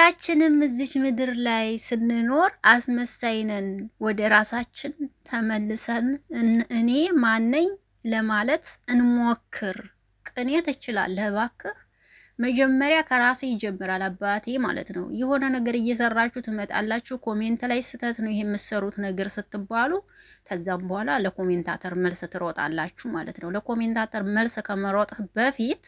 ሁላችንም እዚች ምድር ላይ ስንኖር አስመሳይ ነን። ወደ ራሳችን ተመልሰን እኔ ማነኝ ለማለት እንሞክር። ቅኔ ትችላለህ እባክህ። መጀመሪያ ከራሴ ይጀምራል አባቴ ማለት ነው። የሆነ ነገር እየሰራችሁ ትመጣላችሁ። ኮሜንት ላይ ስህተት ነው ይሄ የምትሰሩት ነገር ስትባሉ፣ ከዛም በኋላ ለኮሜንታተር መልስ ትሮጣላችሁ ማለት ነው። ለኮሜንታተር መልስ ከመሮጥህ በፊት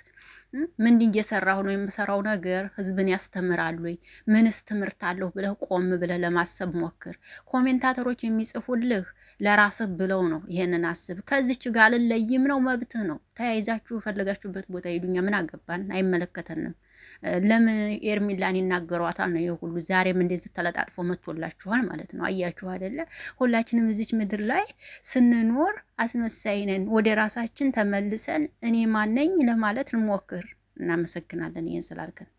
ምን እየሰራሁ ነው የምሰራው ነገር ህዝብን ያስተምራል ወይ ምንስ ትምህርት አለሁ ብለህ ቆም ብለህ ለማሰብ ሞክር። ኮሜንታተሮች የሚጽፉልህ ለራስህ ብለው ነው ይሄንን አስብ። ከዚች ጋር አልለይም ነው መብትህ ነው። ተያይዛችሁ የፈለጋችሁበት ቦታ ሄዱኛ ምን አገባን? አይመለከተንም። ለምን ኤርሚላን ይናገሯታል ነው ይሄ ሁሉ። ዛሬም እንደዚህ ተለጣጥፎ መጥቶላችኋል ማለት ነው። አያችሁ አይደለ? ሁላችንም እዚች ምድር ላይ ስንኖር አስመሳይ ነን። ወደ ራሳችን ተመልሰን እኔ ማነኝ ለማለት እንሞክር። እናመሰግናለን ይህን ስላልከን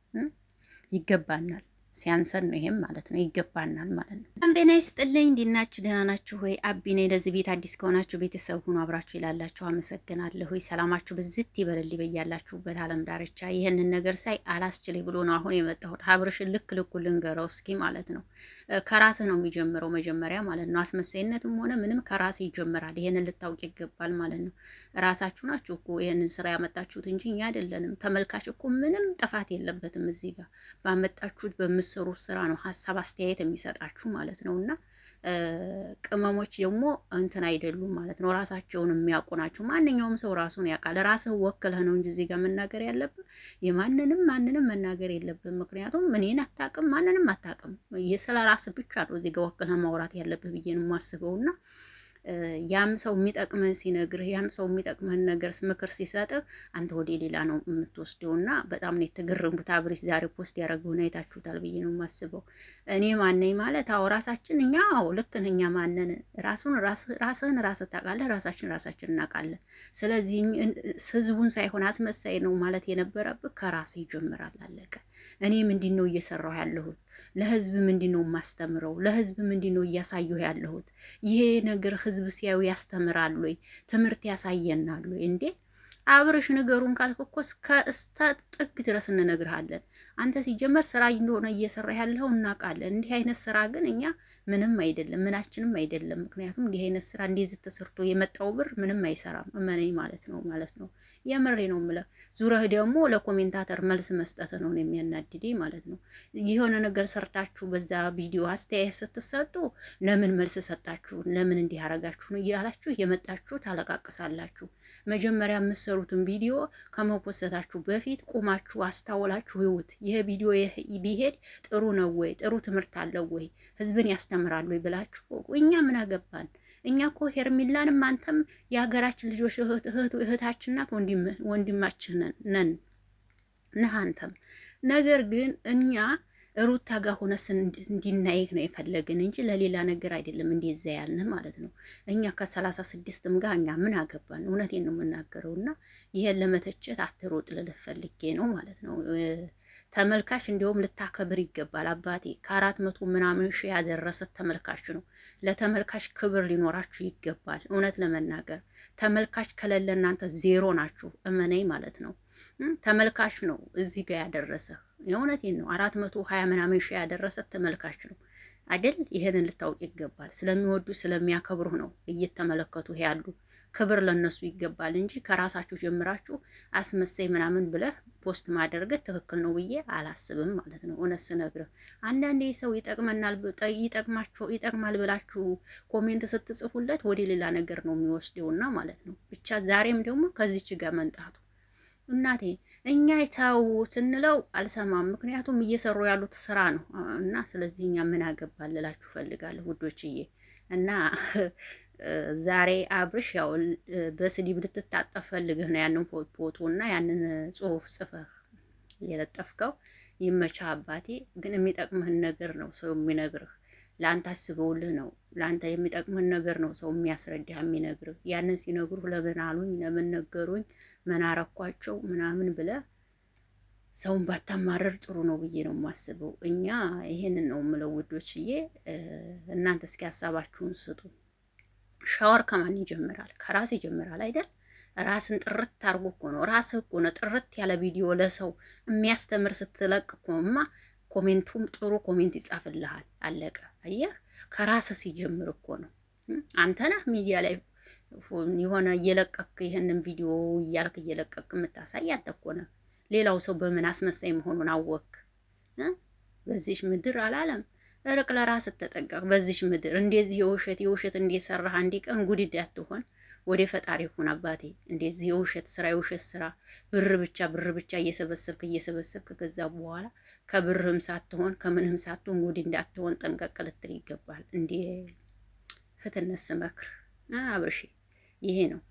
ይገባናል። ሲያንሰን ነው ይሄም ማለት ነው ይገባናል ማለት ነው። በጣም ጤና ይስጥልኝ። እንዲናችሁ ደህና ናችሁ ወይ? አቢ ነኝ። ለዚህ ቤት አዲስ ከሆናችሁ ቤተሰብ ሁኑ። አብራችሁ ይላላችሁ አመሰግናለሁ። ሰላማችሁ ብዝት ይበልል ይበያላችሁበት ዓለም ዳርቻ። ይህንን ነገር ሳይ አላስችልኝ ብሎ ነው አሁን የመጣሁት። ሀብርሽን ልክ ልኩ ልንገረው እስኪ ማለት ነው። ከራስህ ነው የሚጀምረው መጀመሪያ ማለት ነው። አስመሳይነትም ሆነ ምንም ከራስህ ይጀምራል። ይህንን ልታውቅ ይገባል ማለት ነው። ራሳችሁ ናችሁ እኮ ይህንን ስራ ያመጣችሁት እንጂ እኛ አይደለንም። ተመልካች እኮ ምንም ጥፋት የለበትም እዚህ ጋር ባመጣችሁት በም ለምትሰሩት ስራ ነው ሀሳብ አስተያየት የሚሰጣችሁ ማለት ነው። እና ቅመሞች ደግሞ እንትን አይደሉም ማለት ነው። ራሳቸውን የሚያውቁ ናቸው። ማንኛውም ሰው ራሱን ያውቃል። ራስህ ወክለህ ነው እንጂ እዚህ ጋር መናገር ያለብን የማንንም ማንንም መናገር የለብን። ምክንያቱም እኔን አታውቅም፣ ማንንም አታውቅም። ስለ ራስህ ብቻ ነው እዚህ ጋር ወክለህ ማውራት ያለብህ ብዬ ነው የማስበውና ያም ሰው የሚጠቅምህን ሲነግርህ ያም ሰው የሚጠቅምህን ነገር ምክር ሲሰጥህ አንተ ወደ ሌላ ነው የምትወስደው። እና በጣም ነው የተገረምኩት። አብሬሽ ዛሬ ፖስት ያደረገውን አይታችሁታል ብዬ ነው የማስበው። እኔ ማነኝ ማለት አዎ፣ ራሳችን እኛ አዎ፣ ልክ እኛ ማነን ራሱን ራስህን ራስ ታውቃለህ፣ ራሳችን ራሳችን እናውቃለን። ስለዚህ ህዝቡን ሳይሆን አስመሳይ ነው ማለት የነበረብህ ከራስህ ይጀምራል። አለቀ። እኔ ምንድን ነው እየሰራሁ ያለሁት? ለህዝብ ምንድን ነው የማስተምረው? ለህዝብ ምንድን ነው እያሳየሁ ያለሁት? ይሄ ነገር ህዝብ ሲያዩ ያስተምራሉ፣ ትምህርት ያሳየናሉ እንዴ አብረሽ ንገሩን ካልክ እኮ እስከ እስተ ጥግ ድረስ እንነግርሃለን። አንተ ሲጀመር ስራ እንደሆነ እየሰራ ያለው እናውቃለን። እንዲህ አይነት ስራ ግን እኛ ምንም አይደለም፣ ምናችንም አይደለም። ምክንያቱም እንዲህ አይነት ስራ እንዲህ ተሰርቶ የመጣው ብር ምንም አይሰራም። እመነኝ ማለት ነው ማለት ነው። የምሬ ነው የምለው። ዙረህ ደግሞ ለኮሜንታተር መልስ መስጠት ነው የሚያናድደኝ ማለት ነው። የሆነ ነገር ሰርታችሁ በዛ ቪዲዮ አስተያየት ስትሰጡ ለምን መልስ ሰጣችሁ፣ ለምን እንዲህ አረጋችሁ ነው እያላችሁ የመጣችሁ ታለቃቅሳላችሁ። መጀመሪያ የምትሰሩ የምትሰሩትን ቪዲዮ ከመፖሰታችሁ በፊት ቁማችሁ አስታውላችሁ ህይወት ይህ ቪዲዮ ቢሄድ ጥሩ ነው ወይ ጥሩ ትምህርት አለው ወይ ህዝብን ያስተምራሉ ወይ ብላችሁ እኛ ምን አገባን? እኛ እኮ ሄርሚላንም አንተም የሀገራችን ልጆች እህታችን ናት፣ ወንድማችን ነን ነህ አንተም ነገር ግን እኛ ሩታ ጋር ሆነስ እንዲናይህ ነው የፈለግን እንጂ ለሌላ ነገር አይደለም። እንደዛ ያልን ማለት ነው። እኛ ከሰላሳ ስድስትም ጋር እኛ ምን አገባን? እውነቴን ነው የምናገረው። እና ይሄን ለመተቸት አትሮጥ ልልፈልጌ ነው ማለት ነው። ተመልካች እንዲሁም ልታከብር ይገባል። አባቴ ከአራት መቶ ምናምን ሺህ ያደረሰ ተመልካች ነው። ለተመልካች ክብር ሊኖራችሁ ይገባል። እውነት ለመናገር ተመልካች ከሌለ እናንተ ዜሮ ናችሁ። እመነኝ ማለት ነው። ተመልካች ነው እዚህ ጋር ያደረሰህ። የእውነቴን ነው። አራት መቶ ሀያ ምናምን ሺህ ያደረሰህ ተመልካች ነው አይደል? ይሄንን ልታውቅ ይገባል። ስለሚወዱ ስለሚያከብሩህ ነው እየተመለከቱ ያሉ። ክብር ለነሱ ይገባል እንጂ ከራሳችሁ ጀምራችሁ አስመሳይ ምናምን ብለህ ፖስት ማደርገት ትክክል ነው ብዬ አላስብም ማለት ነው። እውነት ስነግርህ አንዳንዴ ሰው ይጠቅመናል ይጠቅማቸው ይጠቅማል ብላችሁ ኮሜንት ስትጽፉለት ወደ ሌላ ነገር ነው የሚወስደውና ማለት ነው። ብቻ ዛሬም ደግሞ ከዚች ጋር መንጣቱ እናቴ እኛ ይታው ስንለው አልሰማም። ምክንያቱም እየሰሩ ያሉት ስራ ነው እና ስለዚህ እኛ ምን አገባን ልላችሁ ፈልጋለሁ ውዶችዬ። እና ዛሬ አብርሽ ያው በስሊብ ልትታጠፍ ፈልግህ ነው ያንን ፎቶ እና ያንን ጽሁፍ ጽፈህ የለጠፍከው። ይመቻ አባቴ፣ ግን የሚጠቅምህን ነገር ነው ሰው የሚነግርህ ለአንተ አስበውልህ ነው። ለአንተ የሚጠቅምን ነገር ነው ሰው የሚያስረዳህ የሚነግርህ። ያንን ሲነግሩህ ለምን አሉኝ፣ ለምን ነገሩኝ፣ ምን አረኳቸው ምናምን ብለህ ሰውን ባታማረር ጥሩ ነው ብዬ ነው የማስበው። እኛ ይሄንን ነው የምለው ውዶችዬ። እናንተ እስኪ ሀሳባችሁን ስጡ። ሻወር ከማን ይጀምራል? ከራስ ይጀምራል አይደል? ራስን ጥርት አድርጎ እኮ ነው ራስህ እኮ ነው ጥርት ያለ ቪዲዮ ለሰው የሚያስተምር ስትለቅ እኮ ኮሜንቱም ጥሩ ኮሜንት ይጻፍልሃል። አለቀ። አየህ፣ ከራስ ሲጀምር እኮ ነው። አንተ ነህ ሚዲያ ላይ የሆነ እየለቀክ ይህንን ቪዲዮ እያልክ እየለቀክ የምታሳይ አንተ እኮ ነህ። ሌላው ሰው በምን አስመሳይ መሆኑን አወክ? በዚሽ ምድር አላለም እርቅ ለራስ ተጠንቀቅ። በዚሽ ምድር እንደዚህ የውሸት የውሸት እንዲሰራህ አንድ ቀን ጉድድ አትሆን። ወደ ፈጣሪ ሁን አባቴ። እንደዚህ የውሸት ስራ የውሸት ስራ ብር ብቻ ብር ብቻ እየሰበሰብክ እየሰበሰብክ ከዛ በኋላ ከብርህም ሳትሆን ከምንም ሳትሆን ወደ እንዳትሆን ጠንቀቅ ልትል ይገባል። እንደ ፍትነት ስመክር አብርሽ ይሄ ነው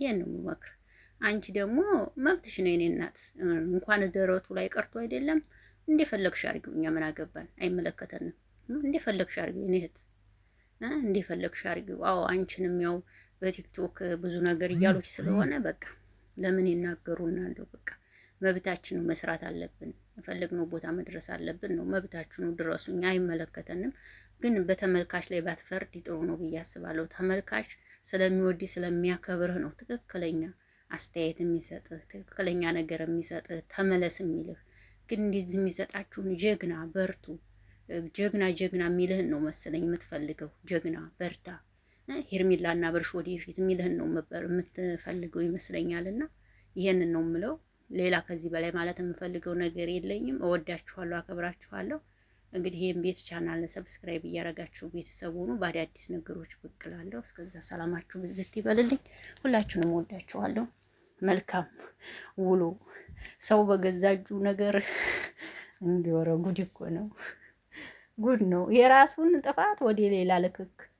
ይሄ ነው መክር። አንቺ ደግሞ መብትሽ ነው የኔ እናት። እንኳን ደረቱ ላይ ቀርቶ አይደለም እንደፈለግሽ አድርጊው። እኛ ምን አገባን? አይመለከተንም። እንደፈለግሽ አድርጊው የኔ እህት እንደፈለግሽ አድርጊው። አዎ አንቺንም ያው በቲክቶክ ብዙ ነገር እያሉች ስለሆነ በቃ ለምን ይናገሩና እንደው በቃ መብታችን ነው፣ መስራት አለብን፣ የፈለግነው ቦታ መድረስ አለብን ነው መብታችን ነው፣ ድረሱኝ፣ አይመለከተንም። ግን በተመልካች ላይ ባትፈርድ ጥሩ ነው ብዬ አስባለሁ። ተመልካች ስለሚወድ ስለሚያከብርህ ነው ትክክለኛ አስተያየት የሚሰጥህ ትክክለኛ ነገር የሚሰጥህ ተመለስ የሚልህ። ግን እንደዚህ የሚሰጣችሁን ጀግና በርቱ፣ ጀግና ጀግና የሚልህን ነው መሰለኝ የምትፈልገው ጀግና በርታ ሄርሜላና ብርሽ ወደፊት የሚልህን ነው የምትፈልገው ይመስለኛል። እና ይሄንን ነው የምለው። ሌላ ከዚህ በላይ ማለት የምፈልገው ነገር የለኝም። እወዳችኋለሁ፣ አከብራችኋለሁ። እንግዲህ ይህም ቤት ቻናል ሰብስክራይብ እያደረጋችሁ ቤተሰብ ሁኑ። በአዳዲስ ነገሮች ብቅ እላለሁ። እስከዛ ሰላማችሁ ብዝት ይበልልኝ። ሁላችሁንም እወዳችኋለሁ። መልካም ውሎ። ሰው በገዛጁ ነገር እንዲወረ ጉድ እኮ ነው፣ ጉድ ነው። የራሱን ጥፋት ወደ ሌላ ልክክ